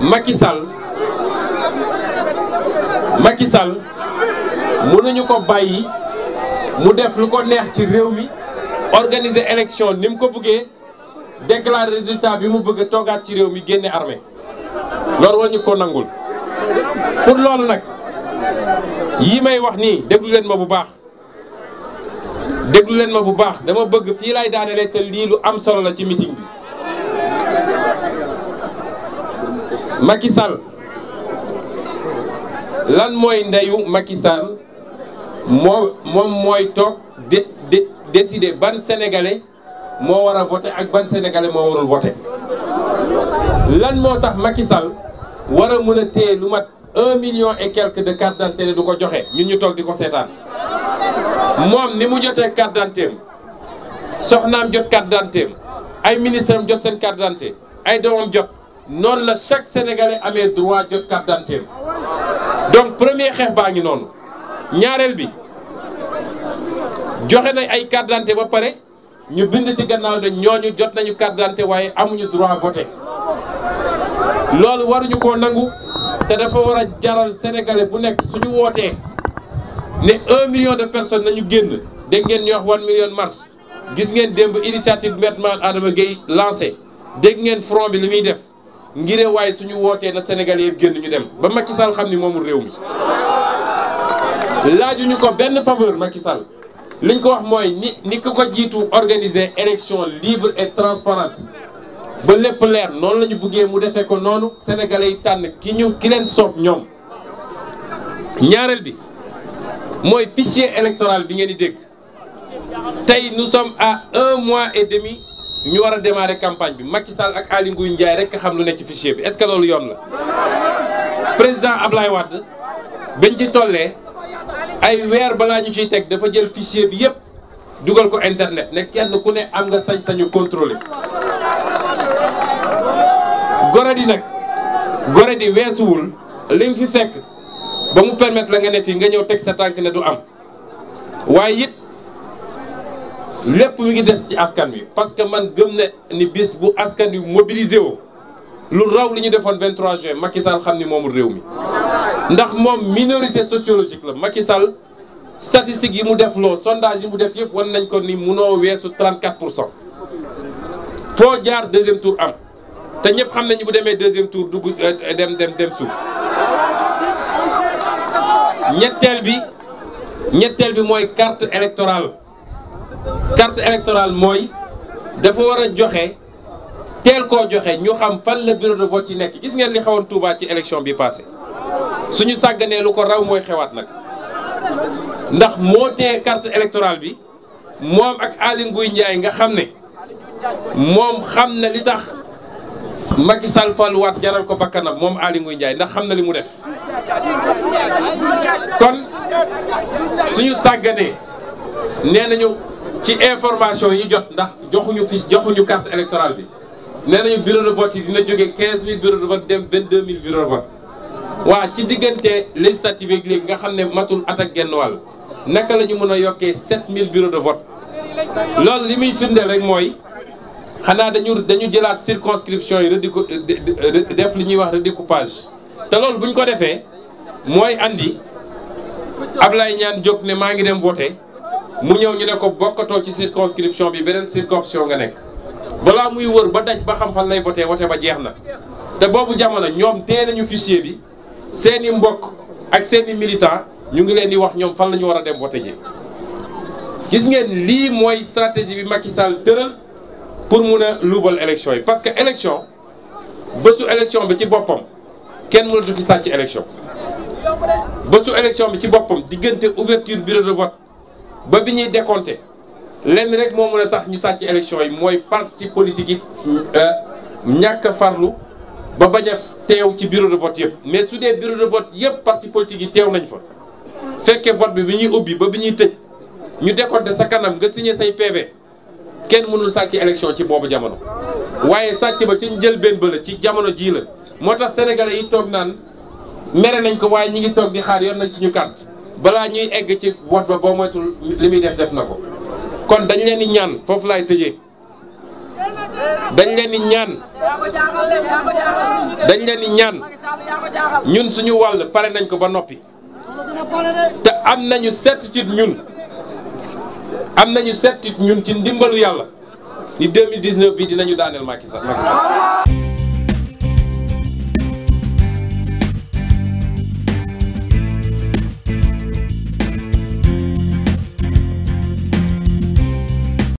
Macky Sall Macky Sall mënuñu ko bàyyi mu def lu ko neex ci réew mi organiser élection ni mu ko bëggee déclarer résultat bi mu bëgg a toogaat ci réew mi génne armée loolu war ñu ko nangul pour loolu nag yi may wax nii déglu leen ma bu baax déglu leen ma bu baax dama bëgg fii lay daanelee te lii lu am solo la ci meeting bi. Macky Sall lan moy ndeyu Macky Sall mom moy tok décider ban sénégalais mo wara voter ak ban sénégalais mo warul voter lan motax Macky Sall wara a mën lu mat un million et quelques de cartes d'identité du ko joxe ñun ñu tok diko sétane. Mom ni mu jotee carte d'identité soxnaam jot carte d'identité ay ministre am jot seen carte d'identité ay doomam jot non la chaque sénégalais amé droit jot carte d'identité donc premier xeex baa ngi noonu bi joxe nay ay carte d'identité ba paré ñu bind ci gannaaw de ñooñu jot nañu carte d'identité waye amuñu droit voter loolu waruñu ko nangu té dafa wara jaral sénégalais bu nek suñu woté né 1 million de personnes nañu génn dégg ngeen ñu wax one million mars gis ngeen demb initiative Maître Adama Gueye lancé dégg ngeen front bi li def ngiré way suñu woté na Sénégalais yëpp génn ñu dem ba Macky Sall xamni ni moomul réew mi laajuñu ko benn faveur Macky Sall liñ ko wax mooy ni ni ko ko jiitu organiser élection libre et transparente ba lépp leer noonu la ñu buggee mu defee ko noonu sénégalais yi tànn ki ñu ki leen soob ñoom ñaareel bi mooy fichier électoral bi ngeen di dégg tey nous sommes à un mois et demi ñu war a démarrer campagne bi Macky Sall ak Aly Ngouille Ndiaye rek xam lu ne ci fichier bi est-ce que loolu yoon la président Ablaye Wade bañ ci tollee ay weer balaa ñu ciy teg dafa jël fichier bi yépp dugal ko internet ne kenn ku ne am nga sañ-sañu contrôler goré di nag goré weesuwul li nga fi fekk ba mu permettre la nga ne fii nga ñëw teg sa tànk ne du am waaye it lepp mi ngi dess ci askan parce que man gëm ne ni bis bu askan mobilisé lu raw li ñu 23 juin Macky Sall xam ni mi ndax minorité sociologique la Macky Sall statistique yi mu def sondage yi mu def nañ ko ni 34 pour deuxième tour am te ñëpp xam nañu bu deuxième tour dugg euh, dem dem dem suuf bi bi carte électorale carte électorale mooy dafa war a joxe teel koo joxe ñu xam fan la bureau de vote yi nekk gis ngeen li xewoon Touba ci élection bi passé suñu sàgganee lu ko raw mooy xewaat nag ndax moo tee carte électorale bi moom ak Aly Ngouille nga xam ne moom xam na li tax Macky Sall faluwaat jaral ko bakkanam moom Aly Ngouille ndax xam na li mu def kon suñu sàgganee nee nañu ci information yi jot ndax joxuñu fiche joxuñu carte électorale bi nee nañu bureau de vote yi dina jógee 15000 bureau de vote dem 22000 bureau de vote waa ci diggante législative yi léegi nga xam ne matul at ak genn wàll naka la ñu mën a yokkee 7000 bureau de vote loolu li muy firndeel rek mooy xanaa dañu dañu jëlaat circonscription yi redécou def li ñuy wax redécoupage te loolu bu ñu ko defee mooy andi Ablaye Niane jóg ne maa ngi dem voter mu ñëw ñu ne ko bokkatoo ci circonscription bi beneen circonscription nga nekk balaa muy wër ba daj ba xam fan lay voté voté ba jeex na te boobu jamono ñoom tee nañu fichier bi seeni mbokk ak seeni i militant ñu ngi leen di wax ñoom fan la ñu war a dem voté ji gis ngeen lii mooy stratégie bi Macky Sall tëral pour mun a luubal élection yi parce que élection bésu élection bi ci boppam kenn mënatu fi sàcc élection bésu élection bi ci boppam diggante ouverture bureau de ba bi ñuy décompté lenn rek moo mën a tax ñu sàcc élection yi mooy parti politique yi euh, ñàkk farlu ba bañ a teew ci bureau de vote yëpp mais su dee bureau de vote yëpp parti politique yi teew nañ fa fekke vote bi bi ñuy ubbi ba bi ñuy tëj ñu décompté sa kanam nga signé say PV kenn mënul sàcc élection ci boobu jamono waaye sàcc ba ci njëlbéen ba la ci jamono jii la moo tax sénégalais yi toog naan mere nañ ko waaye ñi ngi toog di xaar yoon nañ suñu carte balaa ñuy egg ci wat ba boo moytul li muy def def na ko kon dañ leen di ñaan foofu laay tëje dañ leen ñaan dañ leen di ñaan ñun suñu wàll pare nañ ko ba noppi te am nañu certitude ñun am nañu certitude ñun ci ndimbalu yàlla ni 2019 bi dinañu daaneel Macky Sall Macky Sall